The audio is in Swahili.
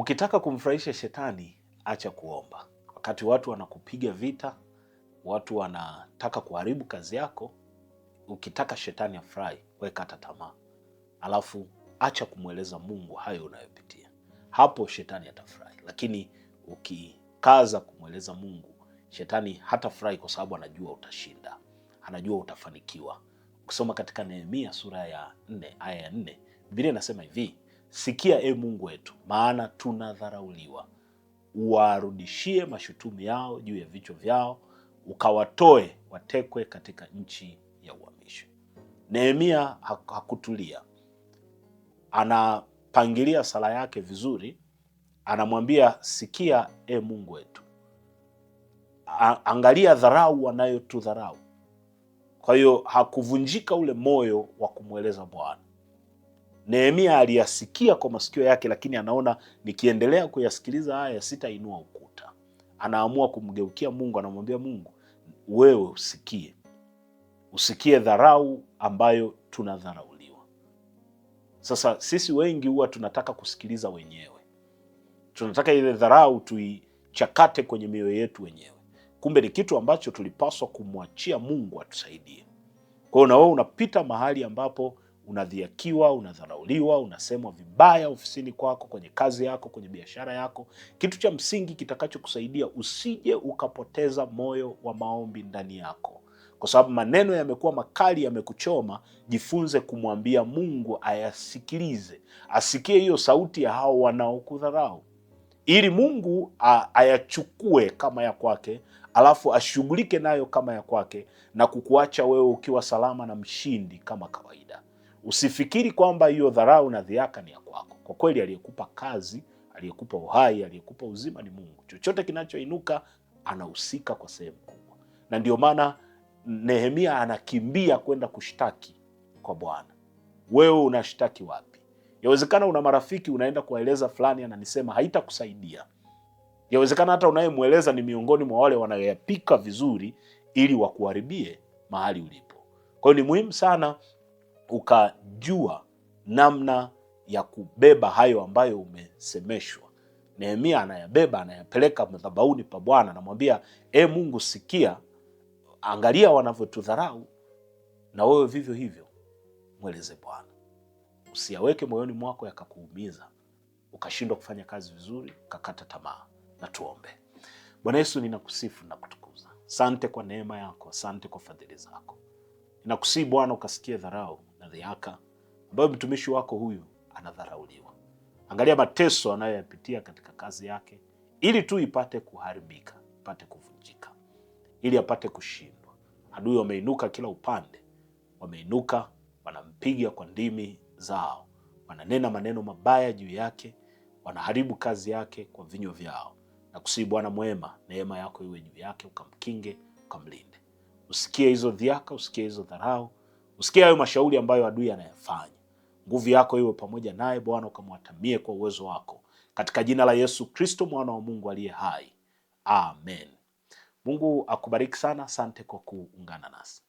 Ukitaka kumfurahisha shetani, acha kuomba. Wakati watu wanakupiga vita, watu wanataka kuharibu kazi yako, ukitaka shetani afurahi, weka hata tamaa, alafu acha kumweleza Mungu hayo unayopitia. Hapo shetani atafurahi, lakini ukikaza kumweleza Mungu, shetani hatafurahi kwa sababu anajua utashinda, anajua utafanikiwa. Ukisoma katika Nehemia sura ya nne aya ya nne Biblia inasema hivi Sikia e Mungu wetu, maana tunadharauliwa. Uwarudishie mashutumu yao juu ya vichwa vyao, ukawatoe watekwe katika nchi ya uhamisho. Nehemia hakutulia, anapangilia sala yake vizuri, anamwambia sikia e Mungu wetu, angalia dharau wanayotudharau. Kwa hiyo hakuvunjika ule moyo wa kumweleza Bwana. Nehemia aliyasikia kwa masikio yake, lakini anaona nikiendelea kuyasikiliza haya sitainua ukuta. Anaamua kumgeukia Mungu, anamwambia Mungu, wewe usikie, usikie dharau ambayo tunadharauliwa. Sasa sisi wengi huwa tunataka kusikiliza wenyewe, tunataka ile dharau tuichakate kwenye mioyo yetu wenyewe, kumbe ni kitu ambacho tulipaswa kumwachia Mungu atusaidie. Kwa hiyo na wewe unapita mahali ambapo unadhiakiwa, unadharauliwa, unasemwa vibaya ofisini kwako, kwenye kazi yako, kwenye biashara yako. Kitu cha msingi kitakachokusaidia usije ukapoteza moyo wa maombi ndani yako, kwa sababu maneno yamekuwa makali, yamekuchoma. Jifunze kumwambia Mungu ayasikilize, asikie hiyo sauti ya hao wanaokudharau ili Mungu ayachukue kama ya kwake, alafu ashughulike nayo kama ya kwake, na kukuacha wewe ukiwa salama na mshindi kama kawaida. Usifikiri kwamba hiyo dharau na dhiaka ni ya kwako. Kwa kweli, aliyekupa kazi, aliyekupa uhai, aliyekupa uzima ni Mungu. Chochote kinachoinuka anahusika kwa sehemu kubwa, na ndio maana Nehemia anakimbia kwenda kushtaki kwa Bwana. Wewe unashtaki wapi? Yawezekana una marafiki unaenda kuwaeleza fulani, ananisema haitakusaidia. Yawezekana hata unayemweleza ni miongoni mwa wale wanayoyapika vizuri ili wakuharibie mahali ulipo. Kwa hiyo ni muhimu sana ukajua namna ya kubeba hayo ambayo umesemeshwa. Nehemia anayabeba anayapeleka madhabahuni pa Bwana, anamwambia e Mungu, sikia, angalia wanavyotudharau, na wewe vivyo hivyo. Mweleze Bwana, usiyaweke moyoni mwako yakakuumiza, ukashindwa kufanya kazi vizuri, ukakata tamaa. Na tuombe. Bwana Yesu, ninakusifu na kutukuza. Sante kwa neema yako, sante kwa fadhili zako. Ninakusihi Bwana ukasikie dharau na dhihaka ambayo mtumishi wako huyu anadharauliwa. Angalia mateso anayoyapitia katika kazi yake, ili tu ipate kuharibika, ipate kuvunjika, ili apate kushindwa. Adui wameinuka kila upande, wameinuka, wanampiga kwa ndimi zao, wananena maneno mabaya juu yake, wanaharibu kazi yake kwa vinywa vyao. Na kusii Bwana mwema, neema yako iwe juu yake, ukamkinge, ukamlinde, usikie hizo dhihaka, usikie hizo dharau Usikie hayo mashauri ambayo adui anayafanya. Nguvu yako iwe pamoja naye Bwana, ukamwatamie kwa uwezo wako, katika jina la Yesu Kristo mwana wa Mungu aliye hai, amen. Mungu akubariki sana. Asante kwa kuungana nasi.